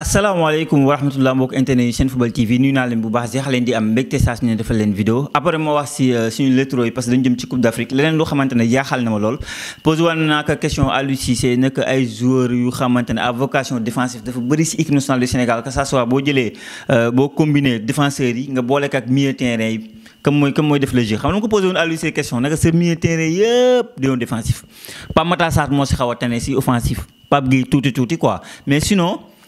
asalaamaaleykum wa rahmatulah mbokk internet chaîne football TV ñu naa leen bu baax jeex leen di am mbégte saa su defal leen vidéo après mo wax ci euh, suñu lettre yi parce que dañu jëm ci Coupe d'Afrique leneen lu xamantene ne jaaxal na ma lool pose woon naa ko question Aliou c'est nek ay joueurs yu xamantene ne à vocation défensive dafa bëri ci équipe nationale du Sénégal que ça soit bo jëlé euh, bo combiner défenseur yi nga bolé ak milieu terrain yi comme moy comme moy def le jeu xam nga ko posé woon Aliou Cissé question nek ce milieu terrain yépp dañoo défensif pa Matar Sarr moo si xaw a tane si offensif Pape Gueye touti touti quoi mais sinon.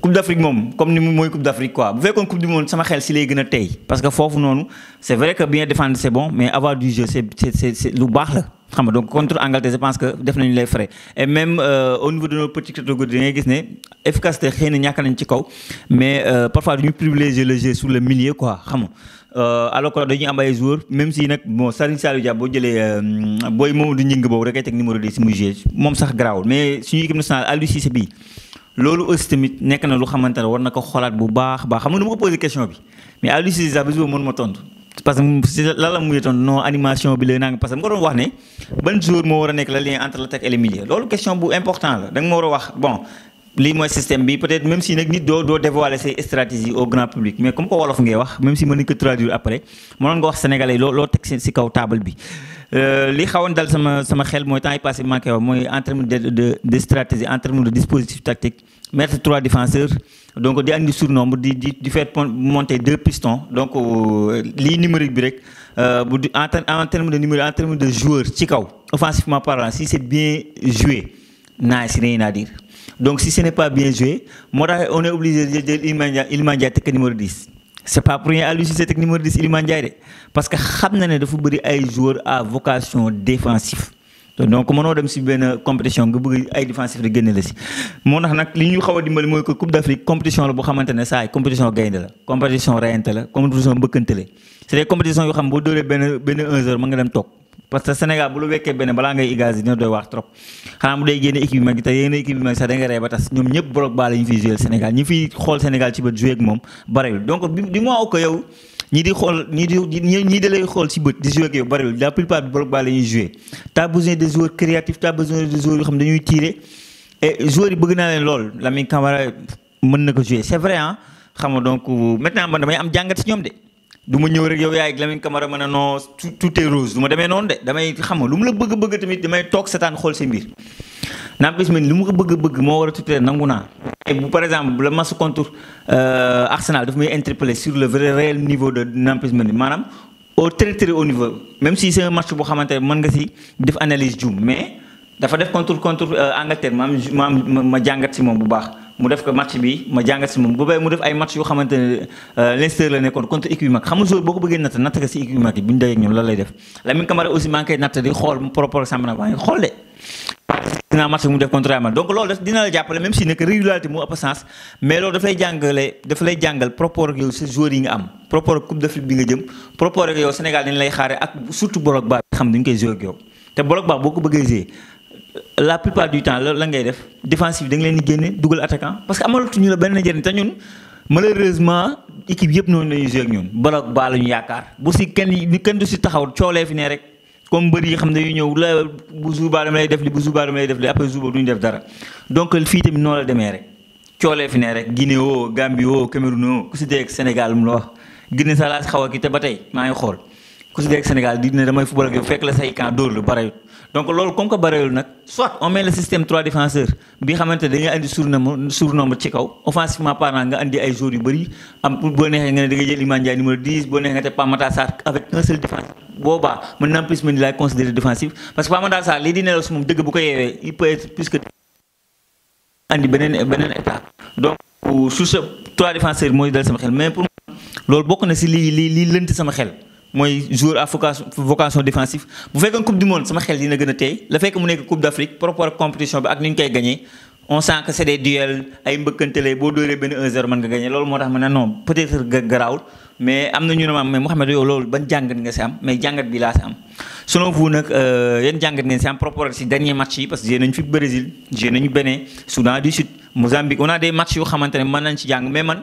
coupe d'Afrique moom comme ni mooy coupe d'Afrique quoi bu fekkoon coupe du monde ça sama xel si lay gën a parce que force, noonu c'est vrai que bien défendre c'est bon mais avoir du jeu c'est c'est c'est lu donc contre Angleterre je pense que def nañu les frais et même euh, au niveau de nos petits catégories da ngay gis ne efficacité rien n'y a nañ ci kaw mais euh, parfois nous privilégions le jeu sur le milieu quoi xam nga euh, alors que dañuy am des joueurs même si nag bon Serigne Saliou Dia boo jëlee booy Mamadou Ngingue boobu rek ay teg numéro des joueurs. muy joué moom sax garaawul mais suñu équipe nationale Aliou Cissé bii loolu aussi tamit nekk na lu xamante ne war na ko xoolaat bu baax baax xam nga nu ma ko posé question bi mais à l'issue sax bés boobu mënu ma tontu parce que lan la mujjee tontu non animation bi la nang parce que mu ko doon wax ne ban jour moo war a nekk la lien entre l'attaque et le milieu loolu question bu important la da ma war a wax bon lii mooy système bi peut-être même si nag nit doo doo dévoiler say stratégie au grand public mais comme si mën nañ ko traduire après mënoon nga wax sénégalais loo loo teg si kaw bi Euh, li xawon dal sama sama xel mooy temps yi passé manqué en termes de de de stratégie en termes de dispositif tactique mettre trois défenseurs donc di andi surnombre di di monter deux pistons donc euh, les numérique bi rek euh, en termes de numéro en terme de joueur ci kaw offensivement parlant si c'est bien joué n'y a rien à dire donc si ce n'est pas bien joué on est obligé de jël Iliman Ndiaye teg numéro 10. c'est pas pour rien Aliou Cissé teg numéro 10 Iliman Ndiaye de parce que xam na ne dafa bëri ay joueurs à vocation défensive donc mënoo dem si benn compétition nga bëgg ay défensif di génne la si moo tax nag li ñu xaw a dimbali mooy que Coupe d'Afrique compétition la boo xamante ne saa yi compétition gaynde la compétition reyante la compétition mbëkkante la c'est des compétitions yoo xam boo dóoree benn benn 1 heure nga dem toog parce que Sénégal bu lu wekkee benn balaa ngay igaz dina doy wax trop xanaa mu day génn équipe mag te yenn équipe mag sax da nga ree ba tas ñoom ñëpp borog baa la ñu fiy Sénégal ñi fiy xool Sénégal ci bët joué yow di xool ñi di ñi lay xool ci bët di joué ak yow bariwul la plupart bi borog baa la ñuy joué t'as besoin de joueurs créatifs t'as besoin de joueurs yoo xam dañuy tirer et joueurs bëgg naa leen lool Lamine Camara mën na ko joué c'est vrai ah xam nga donc euh, maintenant man damay am jàngat ñoom de du ma ñëw rek yow yaay ak Lamine Camara ma ne non tout est rose du ma demee noonu de damay xam lu mu la bëgg bëgg tamit damay toog setaan xool sa mbir. Nampalys Mendy lu mu ko bëgg bëgg moo war a tuuti nangu naa bu par exemple bu la match contre euh, Arsenal daf may interpeller sur le vrai réel niveau de Nampalys Mendy maanaam au très très haut niveau même si c'est un match boo xamante ne mën nga si def analyse juum mais dafa def contre contre euh, Angleterre ma am ma jàngat si moom bu baax. mu def ko match bi ma jàngat si moom bu bay mu def ay match yoo xamante ne euh, Leicester la nekkoon contre équipe xam nga joueur boo ko bëggee natt natt ko si équipe bu ñu dajee ak ñoom lay def Lamine Camara aussi maa ngi koy natt mu ëpp sens mais loolu daf jàngale daf jàngal propre ak yow sa joueurs yi nga am propre ak coupe d'Afrique bi nga jëm propre ak yow Sénégal dañ lay xaare ak surtout Drogba xam dañ koy joué yow te Drogba boo ko bëggee la plupart du temps la la ngay def défensive da leen di génne dugal attaquant parce que amalatuñu la benn njëriñ te ñun malheureusement équipe yëpp noonu la ñuy joué ak ñun bala baa la yaakaar bu si kenn kenn du si taxaw coolee fi ne rek comme mbër yi xam ñëw la bu suba dama lay def li bu suba dama lay def li après suba du ñu def dara donc fii tamit noonu la demee rek coolee fi ne rek Guinée woo Gambie woo Cameroun woo ku si dee ak Sénégal mu la wax Guinée Salas xaw a kii te ba tey maa ngi xool. couche beeg Sénégal di ne damay football ak yow fekk la say camp dóor lu barewut donc loolu comme que barewul nag soit on met le système trois défenseurs bi xamante ne dañuy andi surnombre surnombre ci kaw offensivement parlant nga andi ay joueurs yu bëri am boo neexee nga ne da nga jël Iliman Ndiaye numéro 10 boo neexee nga teg Pape Matar Sarr avec un seul défenseur boobaa mën naa plus mën di laay considérer défensif parce que Pape Matar Sarr di bu ko il peut être plus que andi benen benen état donc sur ce trois défenseurs mooy dal sama xel mais pour loolu bokk na si lii lii lii lënt sama xel moy joueur à vocation vocation défensive bu fekkee coupe du monde sama xel dina gëna a la fekk mu nekk coupe d'Afrique propre compétition bi ak niñ koy gagné on sent que c'est des duels ay mbëkkantele bo dóoree ben 1-0 man nga gagné lolou motax tax non peut-être grawl mais amna ñu ne maam mais Mouhamed yow lolou ban jangat nga ci am mais jangat bi la ci am selon vous euh yeen jangat ngeen ci am propre ci dernier match yi parce que jé nañ fi Brésil jé nañ Bénin Soudan du Sud Mozambique on a des matchs yo xamantene man mën nañ ci jang mais man